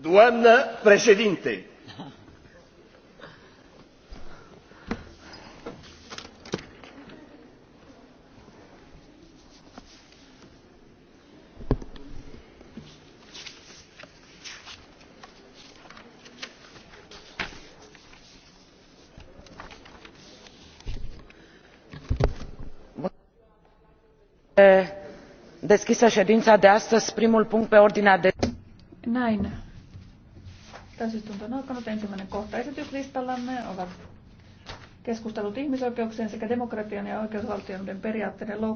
Doamnă președinte, Eh, deschisă ședința de astăzi primul punct pe ordinea de Näin. Täysistunto on alkanut. Ensimmäinen kohta esityslistallamme ovat keskustelut ihmisoikeuksien sekä demokratian ja oikeusvaltioiden periaatteiden loukkaamisesta